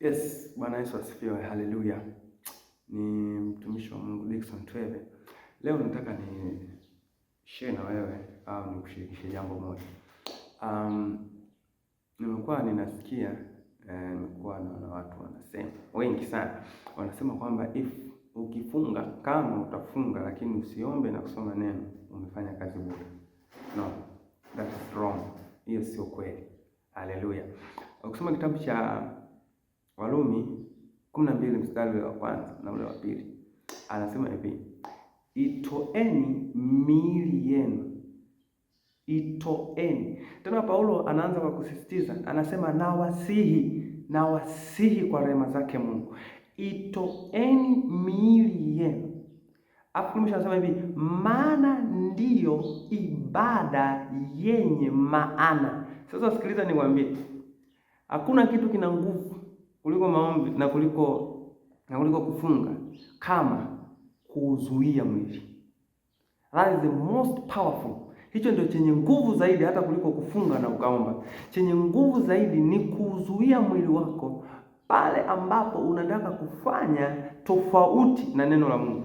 Yes, Bwana Yesu asifiwe. Haleluya. Ni mtumishi wa Mungu Dickson Twebe. Leo nataka ni share na wewe au nikushirikishe jambo moja. Um, nimekuwa ninasikia eh, nimekuwa naona watu wanasema wengi sana wanasema kwamba if ukifunga kama utafunga lakini usiombe na kusoma neno umefanya kazi bure. No, that's wrong. Hiyo sio kweli. Haleluya. Ukisoma kitabu cha Warumi 12 mstari wa kwanza na ule wa pili anasema hivi, itoeni miili yenu, itoeni. Tena Paulo anaanza kwa kusisitiza, anasema nawasihi, nawasihi kwa rehema zake Mungu, itoeni miili yenu Anasema hivi maana ndiyo ibada yenye maana. Sasa sikiliza niwaambie, hakuna kitu kina nguvu kuliko maombi na kuliko na kuliko kufunga kama kuuzuia mwili. That is the most powerful. Hicho ndio chenye nguvu zaidi hata kuliko kufunga na ukaomba. Chenye nguvu zaidi ni kuuzuia mwili wako pale ambapo unataka kufanya tofauti na neno la Mungu.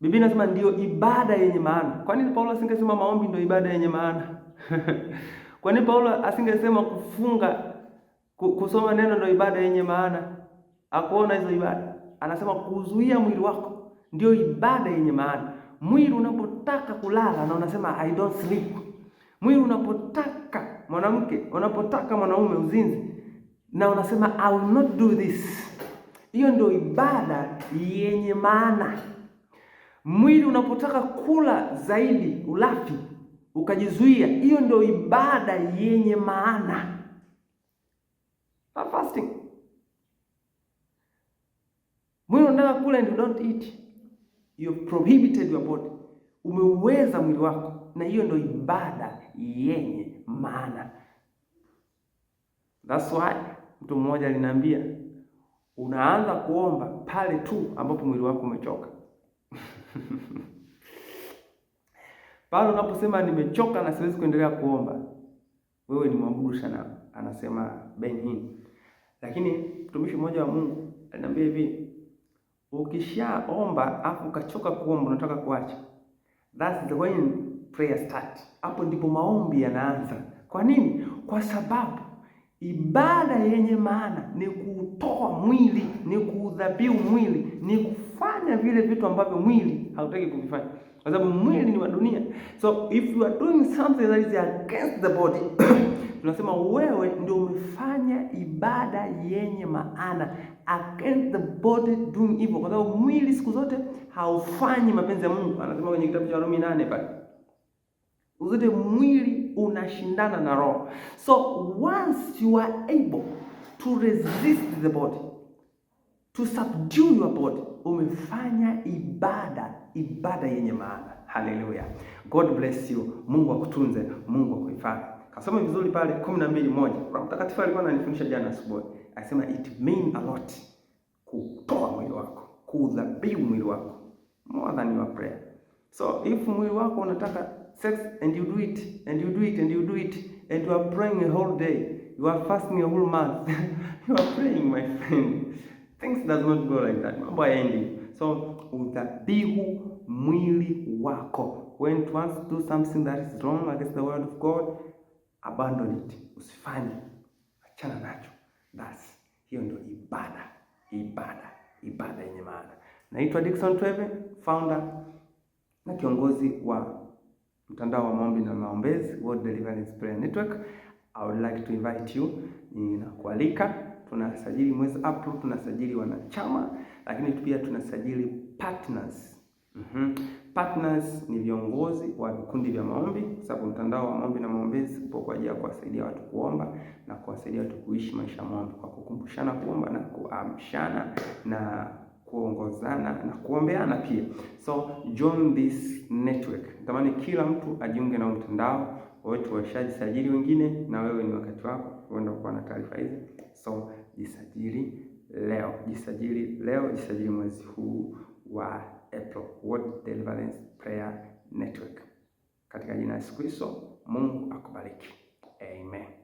Biblia inasema ndiyo ibada yenye maana. Kwa nini Paulo asingesema maombi ndio ibada yenye maana? Kwa nini Paulo asingesema kufunga Kusoma neno ndio ibada yenye maana. Akuona hizo ibada, anasema kuzuia mwili wako ndio ibada yenye maana. Mwili unapotaka kulala na unasema I don't sleep. Mwili unapotaka mwanamke, unapotaka mwanaume uzinzi na unasema I will not do this. Hiyo ndio ibada yenye maana. Mwili unapotaka kula zaidi ulafi ukajizuia, hiyo ndio ibada yenye maana. I'm fasting. Mwili unataka kula and you don't eat. You prohibited your body. Umeuweza mwili wako na hiyo ndio ibada yenye maana. That's why mtu mmoja aliniambia unaanza kuomba pale tu ambapo mwili wako umechoka. Pale unaposema nimechoka na siwezi kuendelea kuomba, wewe ni mwabudu sana, anasema Ben Hinn. Lakini mtumishi mmoja wa Mungu aliniambia hivi, ukishaomba afu ukachoka kuomba, unataka kuacha, that's the way prayer start. Hapo ndipo maombi yanaanza. Kwa nini? Kwa sababu ibada yenye maana ni kutoa mwili, ni kuudhabiu mwili, ni kufanya vile vitu ambavyo mwili hautaki kuvifanya, kwa sababu mwili ni wa dunia. So if you are doing something that is against the body tunasema wewe ndio umefanya ibada yenye maana against the body doing evil, kwa sababu mwili siku zote haufanyi mapenzi ya Mungu. Anasema kwenye kitabu cha Warumi nane pale zote mwili unashindana na roho, so once you are able to resist the body to subdue your body, umefanya ibada ibada yenye maana. Haleluya, God bless you. Mungu akutunze, Mungu akuhifadhi. Kasome vizuri pale 12:1. Roho Mtakatifu alikuwa ananifundisha jana asubuhi. Akasema it mean a lot kutoa mwili wako, kuudhabiu mwili wako. More than your prayer. So if mwili wako unataka sex and you do it and you do it and you do it and you are praying a whole day, you are fasting a whole month. you are praying my friend. Things does not go like that. Mambo hayaendi. So udhabihu mwili wako. When you want to do something that is wrong against the word of God, abandon it, usifanye, achana nacho. Basi hiyo ndio ibada, ibada, ibada yenye maana. Naitwa Dickson Tweve, founder na kiongozi wa mtandao wa maombi na maombezi World Deliverance Prayer Network. I would like to invite you, ninakualika. Tunasajili mwezi April, tunasajili wanachama, lakini pia tunasajili partners Mm -hmm. Partners ni viongozi wa vikundi vya maombi, kwa sababu mtandao wa maombi na maombezi upo kwa ajili ya kuwasaidia watu kuomba na kuwasaidia watu kuishi maisha maombi kwa kukumbushana kuomba na kuamshana na kuongozana na kuombeana pia. So join this network. Natamani kila mtu ajiunge na mtandao wetu, washajisajili wengine, na wewe ni wakati wako kwenda kuwa na taarifa hizi. So jisajili leo, jisajili leo, jisajili mwezi huu wa inaitwa World Deliverance Prayer Network. Katika jina la Yesu Kristo, Mungu akubariki. Amen.